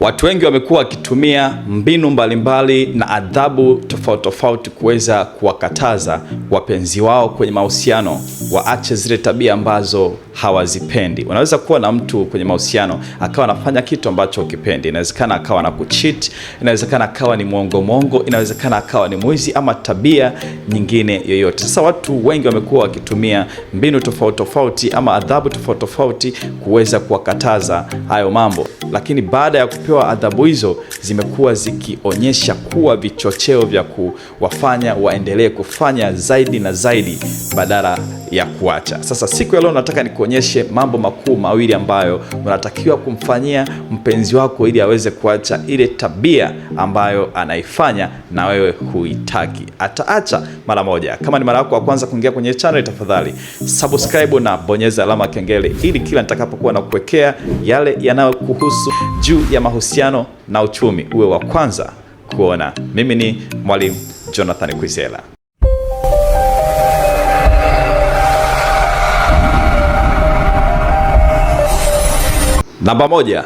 Watu wengi wamekuwa wakitumia mbinu mbalimbali mbali na adhabu tofauti tofauti kuweza kuwakataza wapenzi wao kwenye mahusiano waache zile tabia ambazo hawazipendi. Unaweza kuwa na mtu kwenye mahusiano akawa anafanya kitu ambacho ukipendi. Inawezekana akawa na kuchit, inawezekana akawa ni mwongo mwongo, inawezekana akawa ni mwizi ama tabia nyingine yoyote. Sasa watu wengi wamekuwa wakitumia mbinu tofauti tofauti ama adhabu tofauti tofauti kuweza kuwakataza hayo mambo, lakini baada ya kupewa adhabu hizo zimekuwa zikionyesha kuwa vichocheo vya kuwafanya waendelee kufanya zaidi zaidi na zaidi badala ya kuacha. Sasa siku ya leo nataka nikuonyeshe mambo makuu mawili ambayo unatakiwa kumfanyia mpenzi wako ili aweze kuacha ile tabia ambayo anaifanya na wewe huitaki. Ataacha mara moja. Kama ni mara yako ya kwanza kuingia kwenye channel, tafadhali subscribe na bonyeza alama ya kengele ili kila nitakapokuwa na kuwekea yale yanayokuhusu juu ya mahusiano na uchumi uwe wa kwanza kuona. Mimi ni Mwalimu Jonathan Kwizera. Namba moja,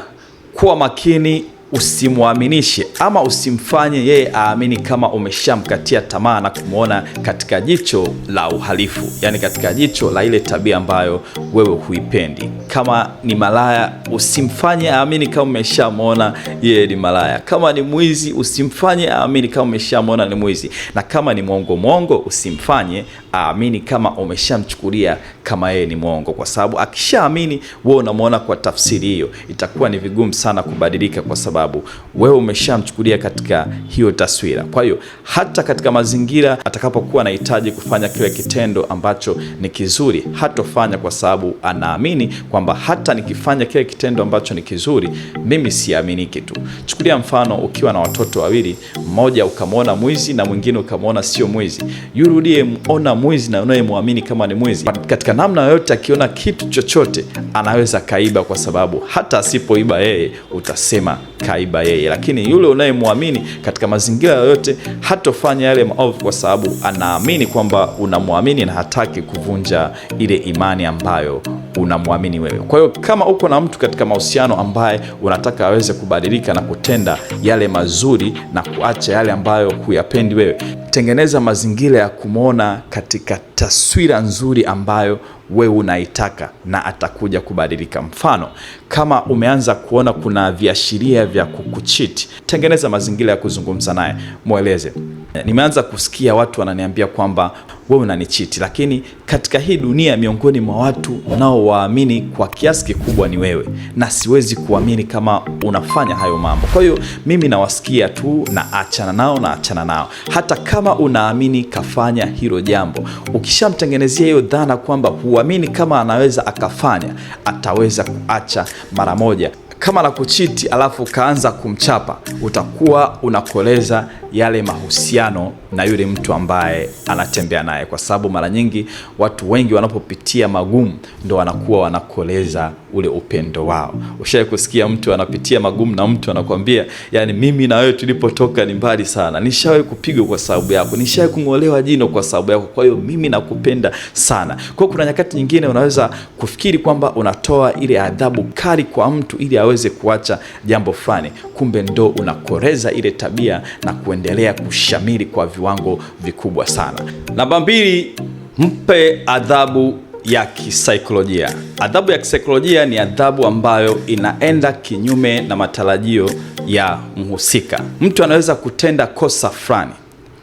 kuwa makini usimwaminishe ama usimfanye yeye aamini kama umeshamkatia tamaa na kumwona katika jicho la uhalifu, yani katika jicho la ile tabia ambayo wewe huipendi. Kama ni malaya, usimfanye aamini kama umeshamwona yeye ni malaya. Kama ni mwizi, usimfanye aamini kama umeshamwona ni mwizi, na kama ni mwongo mwongo, usimfanye aamini kama umeshamchukulia kama yeye ni mwongo, kwa sababu akishaamini wewe unamwona kwa tafsiri hiyo, itakuwa ni vigumu sana kubadilika kwa sababu sababu wewe umeshamchukulia katika hiyo taswira. Kwa hiyo hata katika mazingira atakapokuwa anahitaji kufanya kile kitendo ambacho ni kizuri, hatofanya kwa sababu anaamini kwamba hata nikifanya kile kitendo ambacho ni kizuri, mimi siaminiki tu. Chukulia mfano, ukiwa na watoto wawili, mmoja ukamwona mwizi na mwingine ukamwona sio mwizi. Yule uliyemwona mwizi na unayemwamini kama ni mwizi, katika namna yoyote, akiona kitu chochote anaweza kaiba, kwa sababu hata asipoiba yeye utasema kaiba yeye, lakini yule unayemwamini katika mazingira yoyote hatofanya yale maovu, kwa sababu anaamini kwamba unamwamini na hataki kuvunja ile imani ambayo unamwamini wewe. Kwa hiyo kama uko na mtu katika mahusiano ambaye unataka aweze kubadilika na kutenda yale mazuri na kuacha yale ambayo huyapendi wewe tengeneza mazingira ya kumwona katika taswira nzuri ambayo wewe unaitaka na atakuja kubadilika. Mfano, kama umeanza kuona kuna viashiria vya kukuchiti, tengeneza mazingira ya kuzungumza naye, mweleze Eh, nimeanza kusikia watu wananiambia kwamba wewe unanichiti, lakini katika hii dunia miongoni mwa watu unaowaamini kwa kiasi kikubwa ni wewe, na siwezi kuamini kama unafanya hayo mambo. Kwa hiyo mimi nawasikia tu na achana nao na achana nao. Hata kama unaamini kafanya hilo jambo, ukishamtengenezea hiyo dhana kwamba huamini kama anaweza akafanya, ataweza kuacha mara moja kama la kuchiti alafu ukaanza kumchapa, utakuwa unakoleza yale mahusiano na yule mtu ambaye anatembea naye, kwa sababu mara nyingi watu wengi wanapopitia magumu ndo wanakuwa wanakoleza ule upendo wao. Ushawahi kusikia mtu anapitia magumu na mtu anakwambia, yani mimi na wewe tulipotoka ni mbali sana, nishawahi kupigwa kwa sababu yako, nishawahi kung'olewa jino kwa sababu yako, kwa hiyo mimi nakupenda sana. Kwa kuna nyakati nyingine unaweza kufikiri kwamba unatoa ile adhabu kali kwa mtu ili aweze kuacha jambo fulani, kumbe ndo unakoreza ile tabia na kuendelea kushamiri kwa viwango vikubwa sana. Namba mbili, mpe adhabu ya kisaikolojia. Adhabu ya kisaikolojia ni adhabu ambayo inaenda kinyume na matarajio ya mhusika. Mtu anaweza kutenda kosa fulani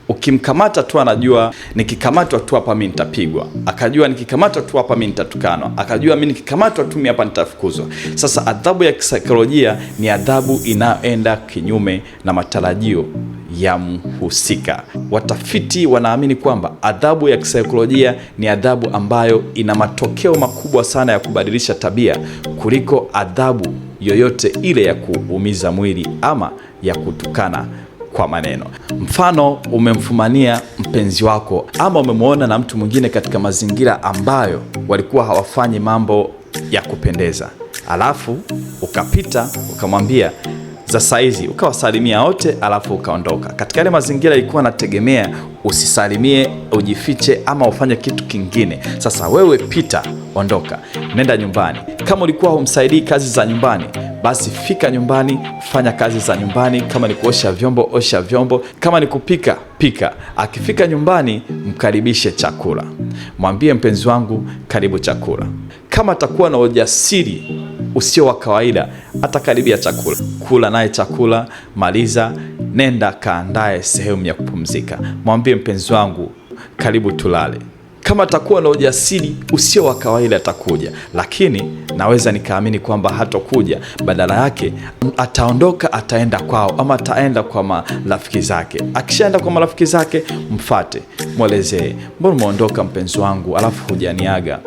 ukimkamata tu anajua nikikamatwa tu hapa mi nitapigwa, akajua nikikamatwa tu hapa mi nitatukanwa, akajua mi nikikamatwa tu mi hapa nitafukuzwa. Sasa adhabu ya kisaikolojia ni adhabu inayoenda kinyume na matarajio ya mhusika. Watafiti wanaamini kwamba adhabu ya kisaikolojia ni adhabu ambayo ina matokeo makubwa sana ya kubadilisha tabia kuliko adhabu yoyote ile ya kuumiza mwili ama ya kutukana kwa maneno. Mfano, umemfumania mpenzi wako ama umemwona na mtu mwingine katika mazingira ambayo walikuwa hawafanyi mambo ya kupendeza, alafu ukapita ukamwambia za saizi ukawasalimia wote alafu ukaondoka. Katika yale mazingira ilikuwa nategemea usisalimie, ujifiche ama ufanye kitu kingine. Sasa wewe pita, ondoka, nenda nyumbani. Kama ulikuwa humsaidii kazi za nyumbani basi fika nyumbani, fanya kazi za nyumbani. Kama ni kuosha vyombo, osha vyombo. Kama ni kupika, pika. Akifika nyumbani, mkaribishe chakula, mwambie mpenzi wangu, karibu chakula. Kama atakuwa na ujasiri usio wa kawaida, hata karibia chakula. Kula naye chakula, maliza, nenda kaandae sehemu ya kupumzika, mwambie mpenzi wangu, karibu tulale. Kama atakuwa na ujasiri usio wa kawaida atakuja, lakini naweza nikaamini kwamba hatokuja. Badala yake ataondoka, ataenda kwao, ama ataenda kwa marafiki zake. Akishaenda kwa marafiki zake, mfate, mwelezee, mbona umeondoka mpenzi wangu, alafu hujaniaga.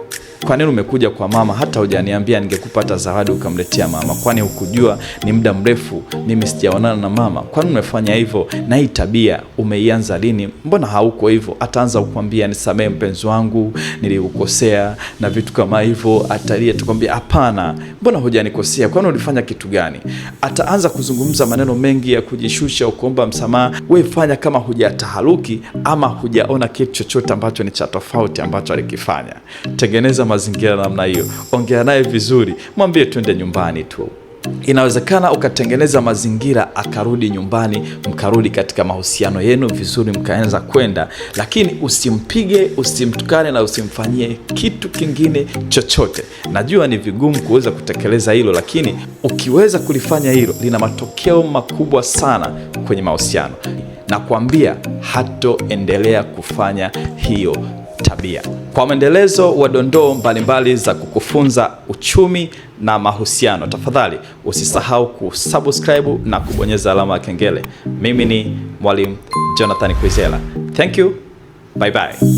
Kwa nini umekuja kwa mama hata hujaniambia? Ningekupata zawadi ukamletea mama. Kwani hukujua ni muda mrefu mimi sijaonana na mama? Kwani umefanya hivyo? Na hii tabia umeianza lini? Mbona hauko hivyo? Ataanza kukwambia nisamehe, mpenzi wangu, niliukosea na vitu kama hivyo. Atalia tukwambia hapana, mbona hujanikosea? Kwani ulifanya kitu gani? Ataanza kuzungumza maneno mengi ya kujishusha, ukuomba msamaha. We fanya kama hujataharuki ama hujaona kitu chochote ambacho ni cha tofauti ambacho alikifanya. Tengeneza mazingira namna hiyo, ongea naye vizuri, mwambie twende nyumbani tu. Inawezekana ukatengeneza mazingira akarudi nyumbani, mkarudi katika mahusiano yenu vizuri, mkaanza kwenda, lakini usimpige, usimtukane na usimfanyie kitu kingine chochote. Najua ni vigumu kuweza kutekeleza hilo, lakini ukiweza kulifanya hilo, lina matokeo makubwa sana kwenye mahusiano. Nakwambia hatoendelea kufanya hiyo tabia. Kwa mwendelezo wa dondoo mbalimbali za kukufunza uchumi na mahusiano, tafadhali usisahau kusubscribe na kubonyeza alama ya kengele. Mimi ni Mwalimu Jonathan Kwizera. Thank you. Bye bye.